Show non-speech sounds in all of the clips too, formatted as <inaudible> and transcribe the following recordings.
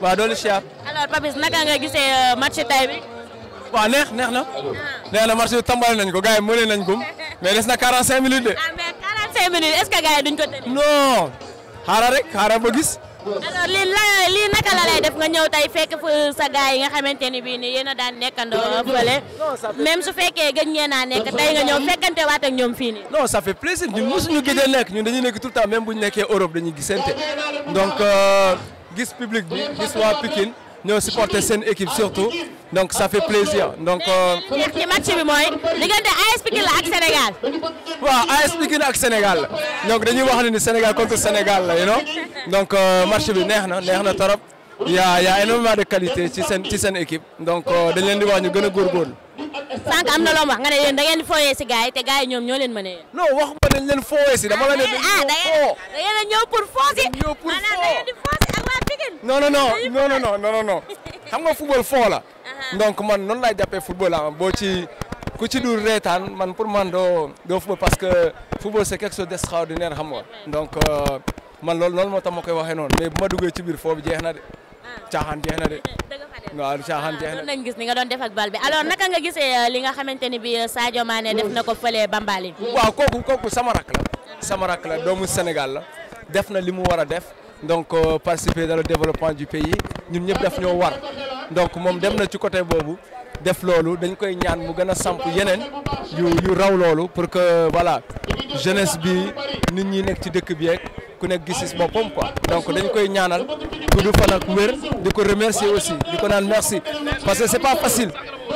waaw doolu siyaar. alors Papis naka nga gisee euh, match tay bi. waaw neex neex na. Ah. neex na match bi tàmbali nañ ko gars yi mënee nañ ko <laughs> mais des na 45 minutes de. ah mais 45 minutes est ce que gars yi duñ ko tënk. non xaaral rek xaaral ba gis. alors lii la lii naka la lay def nga ñëw tey fekk sa gars yi nga xamante ni bii nii yéen a daan nekkandoo fële même su fekkee gëj ngeen nekk tey nga ñëw fekkante waat ak ñoom fii nii. non ça fait plaisir ñun mosuñu gëj a nekk ñun dañuy nekk tout temps même bu ñu Europe dañuy gisante donc. Euh, gis public bi gis waa Pikine ñoo supporter seen équipe surtout donc ça fait plaisir donc. Euh, léegi ci match bi mooy diggante AS Pikine la ak Sénégal. wa AS Pikine ak Sénégal la donc dañuy wax ni Sénégal contre Sénégal la you know donc euh, match bi neex na neex na trop. y a y a énormément de qualité ci seen ci seen équipe donc euh, dañ leen di wax ñu gëna gor gor sànq amna lo wax nga ne yéen da ngeen di fooyee si gars yi te gars ñoo leen mënee. non waxuma dañ leen fooyee ci dama la ne. ah da ngeen da ngeen a pour foo si. maanaam da non non non non non non non <laughs> non xam nga football foo la. Uh-huh. donc man non lay jappé football am ah, bo ci ku ci dur reetaan man pour man do doo football parce que football c'est quelque chose d'extraordinaire xam nga donc euh, man lol non moo tax waxé non mais buma duggé duggee ci biir foofu jeex na de. Ah. caaxaan jeex na de. <laughs> waaw caaxaan ah, jeex na nañ gis ni nga doon def ak bal bi alors naka nga gisee euh, li nga xamanténi bi euh, Sadio Mané def nako ko Bambali. waaw koku koku sama rak la. sama rak la doomu Sénégal la def na limu wara def donc euh, participer dans le développement du pays ñun ñëpp daf ñoo war donc mom dem na ci côté bobu def lolu dañ koy ñaan mu gëna samp yenen yu yu raw lolu pour que voilà jeunesse bi nit ñi nek ci dëkk bi ak ku nek gis-gis boppam quoi donc dañ koy ñaanal ku du fan ak wër diko remercier aussi diko ko merci parce que c'est pas facile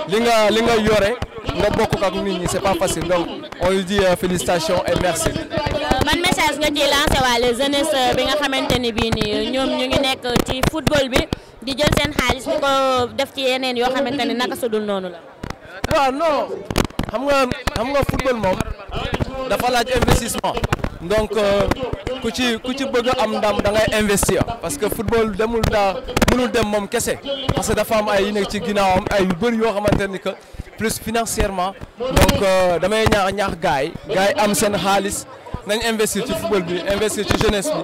li nga li nga yoré nga bokk ak nit ñi c'est pas facile donc on lui dit euh, félicitations et merci man message nga ci lancé waale jeunesse euh, bi nga bi ni euh, ñom ñu ngi nekk ci football bi di jël sen xaliss ni ko def ci yeneen yo xamanteni naka sudul nonu la. wa ah, non xam nga xam nga football mom dafa laaj investissement donc euh, ku ci ku ci bëgg am ndam da ngay investir parce que football demul da. mënul dem mom kese parce que dafa am ay yu ci ginaawam ay yu bëri yoo xamante ni que plus financièrement donc damay ñaax ñaax gaay gaay am sen xaliss nañ investir ci football bi investir ci jeunesse bi